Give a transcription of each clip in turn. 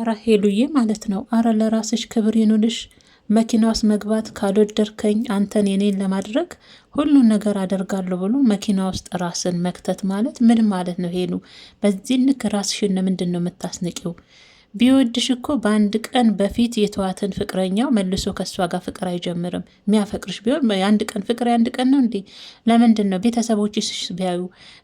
አረ ሄሉዬ ማለት ነው። አረ ለራስሽ ክብር ይኑልሽ። መኪና ውስጥ መግባት ካልወደድከኝ አንተን የኔን ለማድረግ ሁሉን ነገር አደርጋለሁ ብሎ መኪና ውስጥ ራስን መክተት ማለት ምን ማለት ነው ሄሉ? በዚህ ልክ ራስሽን ለምንድን ነው የምታስንቂው? ቢወድሽ እኮ በአንድ ቀን በፊት የተዋትን ፍቅረኛው መልሶ ከእሷ ጋር ፍቅር አይጀምርም። የሚያፈቅርሽ ቢሆን የአንድ ቀን ፍቅር የአንድ ቀን ነው እንዴ? ለምንድን ነው ቤተሰቦችሽ ቢያዩ፣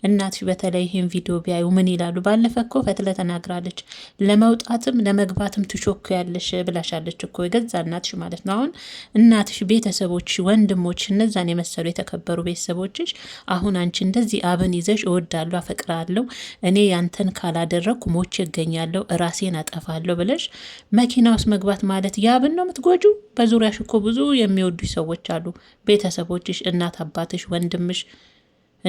እናትሽ በተለይ ይህን ቪዲዮ ቢያዩ ምን ይላሉ? ባለፈ እኮ ፈትለ ተናግራለች። ለመውጣትም ለመግባትም ትሾክ ያለሽ ብላሻለች እኮ የገዛ እናትሽ ማለት ነው። አሁን እናትሽ፣ ቤተሰቦች፣ ወንድሞች እነዛን የመሰሉ የተከበሩ ቤተሰቦችሽ አሁን አንቺ እንደዚህ አብን ይዘሽ እወዳለሁ፣ አፈቅራለሁ እኔ ያንተን ካላደረግኩ ሞቼ እገኛለሁ ራሴን አጠፋ አጠፋለሁ ብለሽ መኪና ውስጥ መግባት ማለት ያብን ነው የምትጎጁ። በዙሪያሽ እኮ ብዙ የሚወዱሽ ሰዎች አሉ፣ ቤተሰቦችሽ፣ እናት አባትሽ፣ ወንድምሽ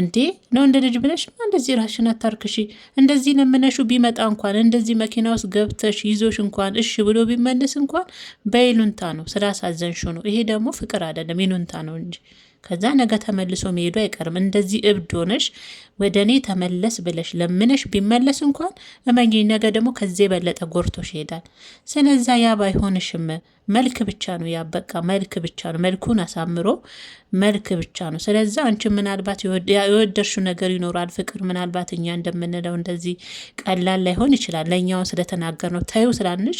እንዴ ነው እንደ ልጅ ብለሽ እንደዚህ ራሽን አታርክሺ። እንደዚህ ለምነሹ ቢመጣ እንኳን እንደዚህ መኪና ውስጥ ገብተሽ ይዞሽ እንኳን እሺ ብሎ ቢመልስ እንኳን በይሉንታ ነው፣ ስላሳዘንሹ ነው። ይሄ ደግሞ ፍቅር አይደለም፣ ይሉንታ ነው እንጂ ከዛ ነገ ተመልሶ መሄዱ አይቀርም። እንደዚህ እብድ ሆነሽ ወደ እኔ ተመለስ ብለሽ ለምነሽ ቢመለስ እንኳን እመኝኝ፣ ነገ ደግሞ ከዚህ የበለጠ ጎርቶሽ ይሄዳል። ስለዛ ያ ባይሆንሽም መልክ ብቻ ነው ያበቃ መልክ ብቻ ነው መልኩን አሳምሮ መልክ ብቻ ነው። ስለዛ አንቺ ምናልባት የወደድሽው ነገር ይኖራል። ፍቅር ምናልባት እኛ እንደምንለው እንደዚህ ቀላል ላይሆን ይችላል። ለእኛውን ስለተናገር ነው ታዩ ስላንሽ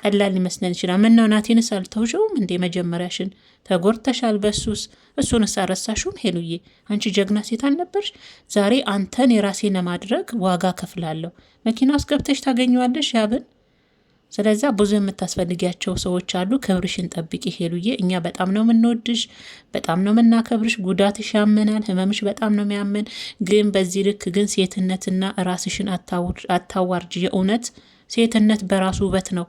ቀላል ሊመስለን ይችላል። ምነው ናቲንስ አልተውሽውም እንዴ? መጀመሪያሽን ተጎርተሻል በሱስ እሱን የሆነ ሰ ሄሉዬ፣ አንቺ ጀግና ሴት አልነበርሽ? ዛሬ አንተን የራሴ ለማድረግ ዋጋ ከፍላለሁ። መኪና ውስጥ ገብተሽ ታገኘዋለሽ ያብን። ስለዛ ብዙ የምታስፈልጊያቸው ሰዎች አሉ። ክብርሽን ጠብቂ ሄሉዬ። እኛ በጣም ነው የምንወድሽ፣ በጣም ነው የምናከብርሽ። ጉዳትሽ ያመናል፣ ህመምሽ በጣም ነው የሚያመን። ግን በዚህ ልክ ግን ሴትነትና ራስሽን አታዋርጅ። የእውነት ሴትነት በራሱ ውበት ነው።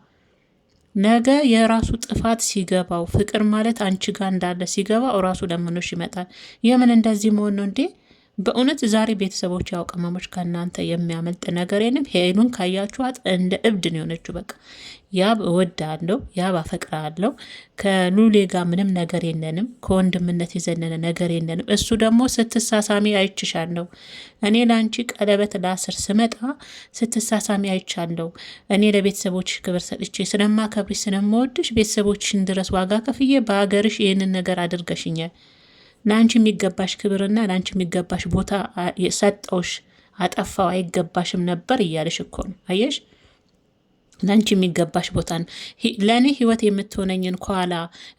ነገ የራሱ ጥፋት ሲገባው ፍቅር ማለት አንቺ ጋር እንዳለ ሲገባው ራሱ ለምኖሽ ይመጣል። የምን እንደዚህ መሆን ነው እንዴ? በእውነት ዛሬ ቤተሰቦች ያውቀማሞች ከእናንተ የሚያመልጥ ነገር የለም። ሄሉን ካያችኋት እንደ እብድ ነው የሆነችው። በቃ ያብ እወዳለሁ፣ ያብ አፈቅራለሁ፣ ከሉሌ ጋር ምንም ነገር የለንም፣ ከወንድምነት የዘነነ ነገር የለንም። እሱ ደግሞ ስትሳሳሚ አይችሻለሁ፣ እኔ ለአንቺ ቀለበት ላስር ስመጣ ስትሳሳሚ አይቻለሁ። እኔ ለቤተሰቦች ክብር ሰጥቼ ስለማከብርሽ ስለምወድሽ ቤተሰቦችን ድረስ ዋጋ ከፍዬ በሀገርሽ ይህንን ነገር አድርገሽኛል። ለአንቺ የሚገባሽ ክብርና ለአንቺ የሚገባሽ ቦታ ሰጠውሽ፣ አጠፋው፣ አይገባሽም ነበር እያለሽ እኮ ነው። አየሽ ለአንቺ የሚገባሽ ቦታ ለእኔ ህይወት የምትሆነኝን ከኋላ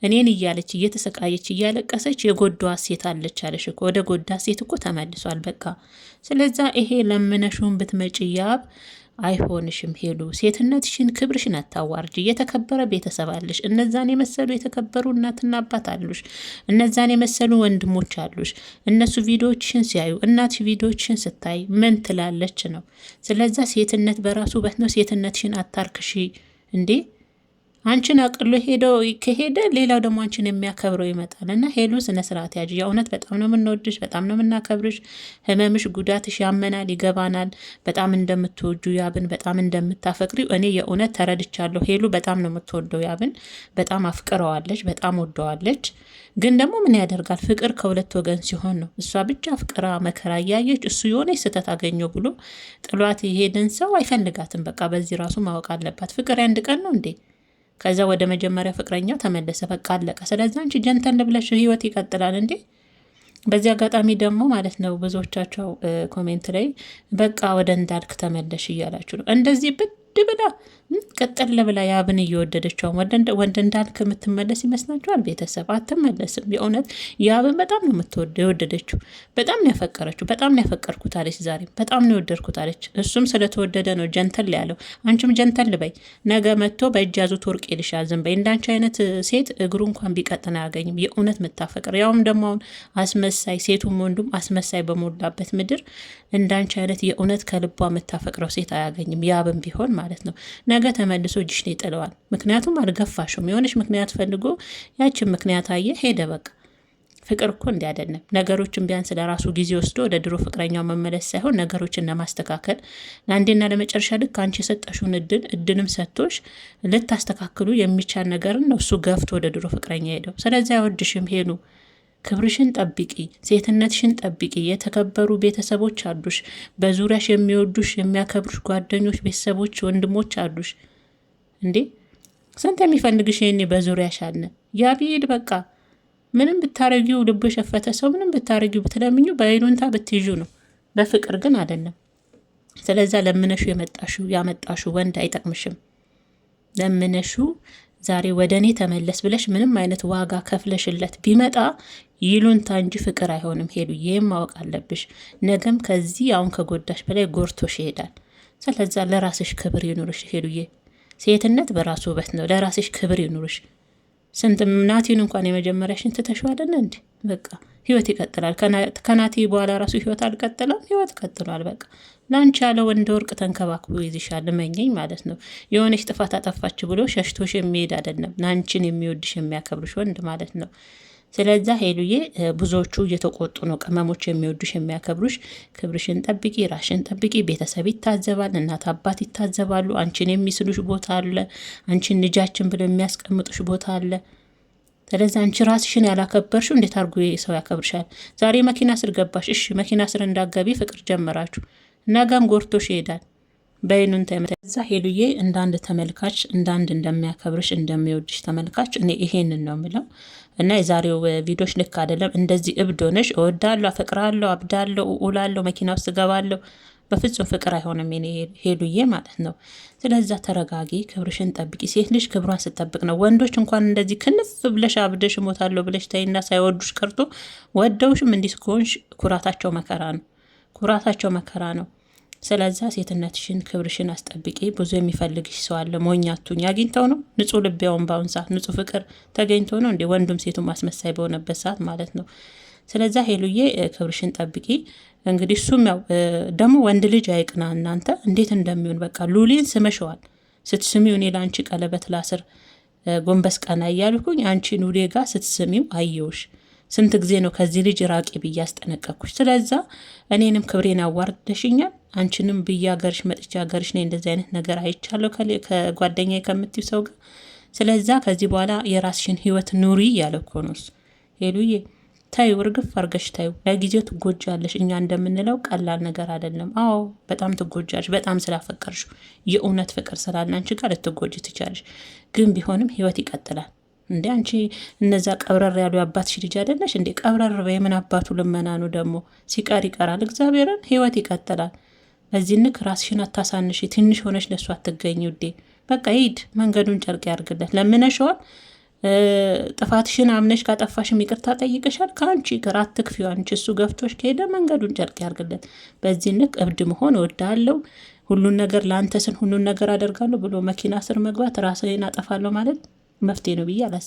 እኔን እያለች እየተሰቃየች እያለቀሰች የጎዳዋ ሴት አለች አለሽ እኮ ወደ ጎዳ ሴት እኮ ተመልሷል። በቃ ስለዛ ይሄ ለምነሽውን ብትመጪ ያብ አይሆንሽም ሄሉ፣ ሴትነትሽን ክብርሽን አታዋርጂ። የተከበረ ቤተሰብ አለሽ። እነዛን የመሰሉ የተከበሩ እናትና አባት አሉሽ። እነዛን የመሰሉ ወንድሞች አሉሽ። እነሱ ቪዲዮዎችሽን ሲያዩ፣ እናትሽ ቪዲዮዎችሽን ስታይ ምን ትላለች ነው? ስለዛ ሴትነት በራሱ ውበት ነው። ሴትነትሽን አታርክሺ እንዴ አንቺን አቅሎ ሄደው ከሄደ ሌላው ደግሞ አንቺን የሚያከብረው ይመጣል እና ሄሉ ስነ ስርዓት የእውነት በጣም ነው የምንወድሽ፣ በጣም ነው የምናከብርሽ። ህመምሽ፣ ጉዳትሽ ያመናል፣ ይገባናል። በጣም እንደምትወጁ ያብን በጣም እንደምታፈቅሪው እኔ የእውነት ተረድቻለሁ። ሄሉ በጣም ነው የምትወደው ያብን፣ በጣም አፍቅረዋለች፣ በጣም ወደዋለች። ግን ደግሞ ምን ያደርጋል ፍቅር ከሁለት ወገን ሲሆን ነው። እሷ ብቻ አፍቅራ መከራ እያየች እሱ የሆነ ስህተት አገኘው ብሎ ጥሏት የሄደን ሰው አይፈልጋትም። በቃ በዚህ ራሱ ማወቅ አለባት። ፍቅር ያንድ ቀን ነው እንዴ? ከዛ ወደ መጀመሪያ ፍቅረኛው ተመለሰ። በቃ አለቀ። ስለዚህ አንቺ ጀንተን ብለሽ ህይወት ይቀጥላል እንዴ። በዚህ አጋጣሚ ደግሞ ማለት ነው ብዙዎቻቸው ኮሜንት ላይ በቃ ወደ እንዳልክ ተመለሽ እያላችሁ ነው እንደዚህ ውድ ብላ ቀጠል ብላ ያብን እየወደደችው ወንድ እንዳልክ የምትመለስ ይመስላችኋል? ቤተሰብ አትመለስም። የእውነት ያብን በጣም ነው የወደደችው፣ በጣም ነው ያፈቀረችው። በጣም ነው ያፈቀርኩት አለች፣ ዛሬ በጣም ነው የወደድኩት አለች። እሱም ስለተወደደ ነው ጀንተል ያለው። አንቺም ጀንተል በይ፣ ነገ መጥቶ በእጅ ያዙት ወርቅ ይልሻል። ዝም በይ። እንዳንቺ አይነት ሴት እግሩ እንኳን ቢቀጥን አያገኝም። የእውነት የምታፈቅር ያውም ደግሞ አሁን አስመሳይ ሴቱም ወንዱም አስመሳይ በሞላበት ምድር እንዳንቺ አይነት የእውነት ከልቧ የምታፈቅረው ሴት አያገኝም፣ ያብን ቢሆን ማለት ማለት ነው። ነገ ተመልሶ እጅሽ ላይ ይጥለዋል። ምክንያቱም አልገፋሽም። የሆነች ምክንያት ፈልጎ ያችን ምክንያት አየ፣ ሄደ፣ በቃ ፍቅር እኮ እንዲህ አይደለም። ነገሮችን ቢያንስ ለራሱ ጊዜ ወስዶ ወደ ድሮ ፍቅረኛው መመለስ ሳይሆን ነገሮችን ለማስተካከል ለአንዴና ለመጨረሻ ልክ አንቺ የሰጠሽውን እድል እድልም ሰጥቶሽ ልታስተካክሉ የሚቻል ነገርን ነው እሱ ገፍቶ ወደ ድሮ ፍቅረኛ ሄደው። ስለዚያ አይወድሽም ሄሉ ክብርሽን ጠብቂ፣ ሴትነትሽን ጠብቂ። የተከበሩ ቤተሰቦች አሉሽ፣ በዙሪያሽ የሚወዱሽ የሚያከብሩሽ ጓደኞች፣ ቤተሰቦች፣ ወንድሞች አሉሽ። እንዴ ስንት የሚፈልግሽ ይሄኔ በዙሪያሽ አለ። ያብሄድ በቃ ምንም ብታረጊው ልቡ የሸፈተ ሰው ምንም ብታረጊው ብትለምኙ በይሉንታ ብትይዡ ነው፣ በፍቅር ግን አይደለም። ስለዛ ለምነሹ የመጣሹ ያመጣሹ ወንድ አይጠቅምሽም። ለምነሹ ዛሬ ወደ እኔ ተመለስ ብለሽ ምንም አይነት ዋጋ ከፍለሽለት ቢመጣ ይሉንታ እንጂ ፍቅር አይሆንም። ሄዱ ይህም ማወቅ አለብሽ። ነገም ከዚህ አሁን ከጎዳሽ በላይ ጎርቶሽ ይሄዳል። ስለዛ ለራስሽ ክብር ይኑርሽ ሄዱዬ። ሴትነት በራሱ ውበት ነው። ለራስሽ ክብር ይኑርሽ። ስንት ናቲን እንኳን የመጀመሪያሽን ትተሸዋለን እንዲ በቃ ህይወት ይቀጥላል። ከናቲ በኋላ ራሱ ህይወት አልቀጥለም፣ ህይወት ቀጥሏል። በቃ ላንቺ ያለ እንደ ወርቅ ተንከባክቦ ይዝሻል። መኘኝ ማለት ነው። የሆነች ጥፋት አጠፋች ብሎ ሸሽቶሽ የሚሄድ አይደለም። ላንቺን የሚወድሽ የሚያከብርሽ ወንድ ማለት ነው። ስለዛ ሄሉዬ ብዙዎቹ እየተቆጡ ነው። ቅመሞች የሚወዱሽ የሚያከብሩሽ፣ ክብርሽን ጠብቂ፣ ራሽን ጠብቂ። ቤተሰብ ይታዘባል፣ እናት አባት ይታዘባሉ። አንቺን የሚስሉሽ ቦታ አለ፣ አንቺን ልጃችን ብለው የሚያስቀምጡሽ ቦታ አለ። ስለዚህ አንቺ ራስሽን ያላከበርሽ እንዴት አድርጎ ሰው ያከብርሻል? ዛሬ መኪና ስር ገባሽ፣ እሺ መኪና ስር እንዳገቢ ፍቅር ጀመራችሁ፣ ነገም ጎርቶሽ ይሄዳል። በይኑን ተመዛ ሄሉዬ እንደ አንድ ተመልካች እንደ አንድ እንደሚያከብርሽ እንደሚወድሽ ተመልካች እኔ ይሄንን ነው ምለው እና የዛሬው ቪዲዮች ልክ አይደለም። እንደዚህ እብድ ሆነሽ እወዳለሁ፣ አፈቅራለሁ፣ አብዳለሁ፣ እውላለሁ፣ መኪና ውስጥ ገባለሁ በፍጹም ፍቅር አይሆንም ሄሉዬ ማለት ነው። ስለዛ ተረጋጊ፣ ክብርሽን ጠብቂ። ሴት ልጅ ክብሯን ስጠብቅ ነው። ወንዶች እንኳን እንደዚህ ክንፍ ብለሽ አብደሽ እሞታለሁ ብለሽ ተይና ሳይወዱሽ ቀርቶ ወደውሽም እንዲህ ከሆንሽ ኩራታቸው መከራ ነው። ኩራታቸው መከራ ነው። ስለዛ ሴትነትሽን፣ ክብርሽን አስጠብቂ። ብዙ የሚፈልግሽ ሰው አለ። ሞኛቱኝ አግኝተው ነው ንጹህ ልብ ያውን በአሁን ሰዓት ንጹህ ፍቅር ተገኝቶ ነው እንደ ወንዱም ሴቱ ማስመሳይ በሆነበት ሰዓት ማለት ነው። ስለዛ ሄሉዬ ክብርሽን ጠብቂ። እንግዲህ እሱም ያው ደግሞ ወንድ ልጅ አይቅና እናንተ እንዴት እንደሚሆን በቃ ሉሊን ስመሸዋል። ስትስሚው እኔ ለአንቺ ቀለበት ላስር ጎንበስ ቀና እያልኩኝ አንቺ ኑሌ ጋር ስትስሚው አየውሽ። ስንት ጊዜ ነው ከዚህ ልጅ ራቂ ብዬ አስጠነቀቅኩሽ። ስለዛ እኔንም ክብሬን አዋርደሽኛል። አንቺንም ብዬ ሀገርሽ መጥቼ ሀገርሽ ነኝ እንደዚህ አይነት ነገር አይቻለሁ ከጓደኛ ከምትዩ ሰው ጋር። ስለዛ ከዚህ በኋላ የራስሽን ህይወት ኑሪ ያለ እኮ ነው እሱ። ሄሉዬ ታዩ እርግፍ አርገሽ ታዩ። ለጊዜው ትጎጃለሽ፣ እኛ እንደምንለው ቀላል ነገር አይደለም። አዎ በጣም ትጎጃለሽ፣ በጣም ስላፈቀርሽ የእውነት ፍቅር ስላለ አንቺ ጋር ልትጎጅ ትቻለሽ። ግን ቢሆንም ህይወት ይቀጥላል። እንዴ አንቺ እነዛ ቀብረር ያሉ የአባትሽ ልጅ አይደለሽ እንዴ? ቀብረር የምን አባቱ ልመና ነው ደግሞ ሲቀር ይቀራል። እግዚአብሔርን ህይወት ይቀጥላል። በዚህ ንክ ራስሽን አታሳንሽ። ትንሽ ሆነች ለሱ አትገኝ ውዴ። በቃ ሂድ፣ መንገዱን ጨርቅ ያርግለት። ለምነሽዋል፣ ጥፋትሽን አምነሽ ካጠፋሽም ይቅርታ ጠይቀሻል። ከአንቺ ይቅር አትክፊው። አንቺ እሱ ገፍቶች ከሄደ መንገዱን ጨርቅ ያርግለት። በዚህ ንክ እብድ መሆን እወዳለሁ፣ ሁሉን ነገር ለአንተ ስን ሁሉን ነገር አደርጋለሁ ብሎ መኪና ስር መግባት ራስህን አጠፋለሁ ማለት መፍትሄ ነው ብዬ አላስ